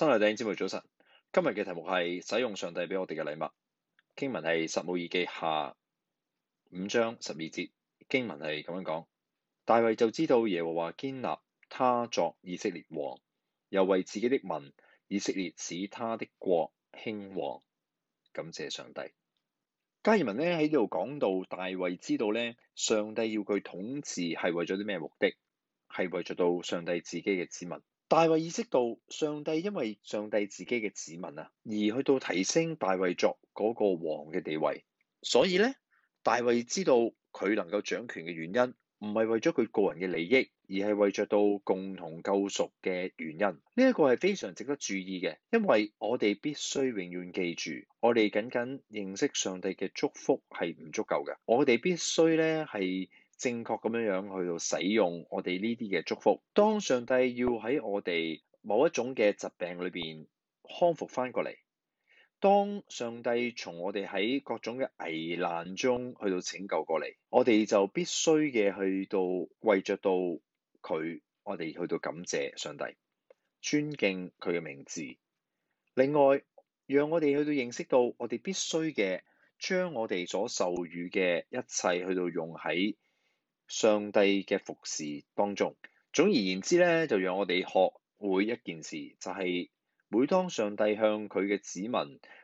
新來頂節目早晨，今日嘅題目係使用上帝俾我哋嘅禮物。經文係《撒母耳記下》五章十二節，經文係咁樣講：大衛就知道耶和華堅立他作以色列王，又為自己的民以色列使他的國興旺。感謝上帝。加爾文呢喺呢度講到，大衛知道呢，上帝要佢統治係為咗啲咩目的？係為咗到上帝自己嘅子民。大衛意識到，上帝因為上帝自己嘅子民啊，而去到提升大衛作嗰個王嘅地位。所以呢，大衛知道佢能夠掌權嘅原因，唔係為咗佢個人嘅利益，而係為著到共同救贖嘅原因。呢一個係非常值得注意嘅，因為我哋必須永遠記住，我哋僅僅認識上帝嘅祝福係唔足夠嘅，我哋必須呢係正確咁樣樣去到使用我哋呢啲嘅祝福。當上帝要喺我哋某一種嘅疾病裏邊康復翻過嚟，當上帝從我哋喺各種嘅危難中去到拯救過嚟，我哋就必須嘅去到為着到佢，我哋去到感謝上帝，尊敬佢嘅名字。另外，讓我哋去到認識到我哋必須嘅將我哋所授予嘅一切去到用喺上帝嘅服侍當中，總而言之咧，就讓我哋學會一件事，就係、是、每當上帝向佢嘅子民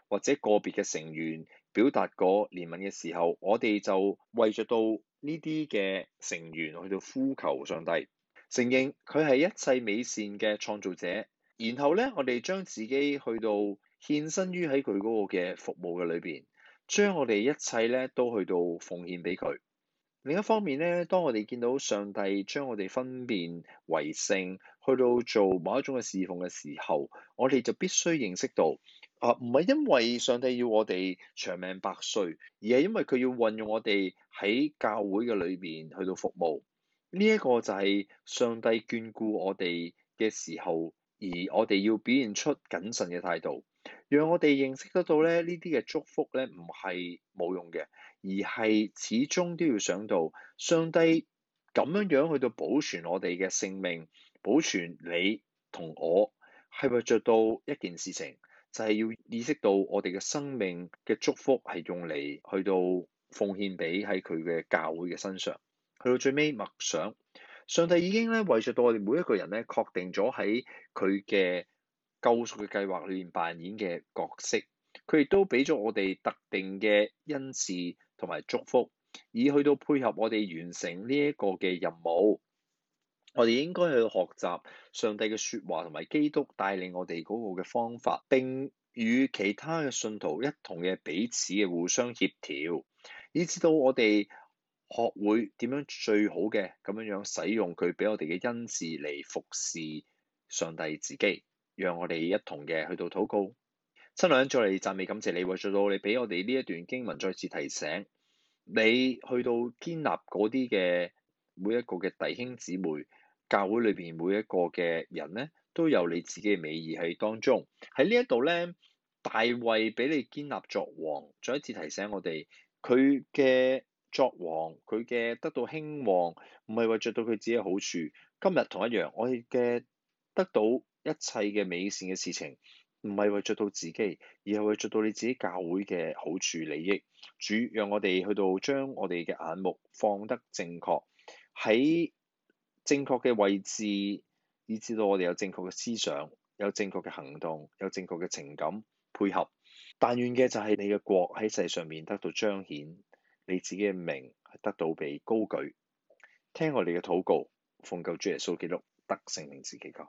或者個別嘅成員表達過憐憫嘅時候，我哋就為著到呢啲嘅成員去到呼求上帝，承認佢係一切美善嘅創造者，然後咧，我哋將自己去到獻身於喺佢嗰個嘅服務嘅裏邊，將我哋一切咧都去到奉獻俾佢。另一方面咧，當我哋見到上帝將我哋分辨為聖，去到做某一種嘅侍奉嘅時候，我哋就必須認識到啊，唔係因為上帝要我哋長命百歲，而係因為佢要運用我哋喺教會嘅裏面去到服務。呢、這、一個就係上帝眷顧我哋嘅時候，而我哋要表現出謹慎嘅態度。讓我哋認識得到咧，呢啲嘅祝福咧，唔係冇用嘅，而係始終都要想到上帝咁樣樣去到保存我哋嘅性命，保存你同我，係為着到一件事情，就係、是、要意識到我哋嘅生命嘅祝福係用嚟去到奉獻俾喺佢嘅教會嘅身上，去到最尾默想，上帝已經咧為着到我哋每一個人咧確定咗喺佢嘅救贖嘅計劃裏面扮演嘅角色，佢亦都俾咗我哋特定嘅恩賜同埋祝福，以去到配合我哋完成呢一個嘅任務。我哋應該去學習上帝嘅說話，同埋基督帶領我哋嗰個嘅方法，並與其他嘅信徒一同嘅彼此嘅互相協調，以至到我哋學會點樣最好嘅咁樣樣使用佢俾我哋嘅恩賜嚟服侍上帝自己。讓我哋一同嘅去到禱告。親娘，再嚟讚美感謝你為咗到，你俾我哋呢一段經文再次提醒你，去到建立嗰啲嘅每一個嘅弟兄姊妹、教會裏邊每一個嘅人咧，都有你自己嘅美意喺當中。喺呢一度咧，大衛俾你建立作王，再一次提醒我哋，佢嘅作王，佢嘅得到興旺，唔係為著到佢自己嘅好處。今日同一樣，我哋嘅得到，一切嘅美善嘅事情，唔係為着到自己，而係為着到你自己教會嘅好處利益。主讓我哋去到將我哋嘅眼目放得正確，喺正確嘅位置，以致到我哋有正確嘅思想，有正確嘅行動，有正確嘅情感配合。但願嘅就係你嘅國喺世上面得到彰顯，你自己嘅名係得到被高舉。聽我哋嘅禱告，奉救主耶穌基督得聖靈自己救。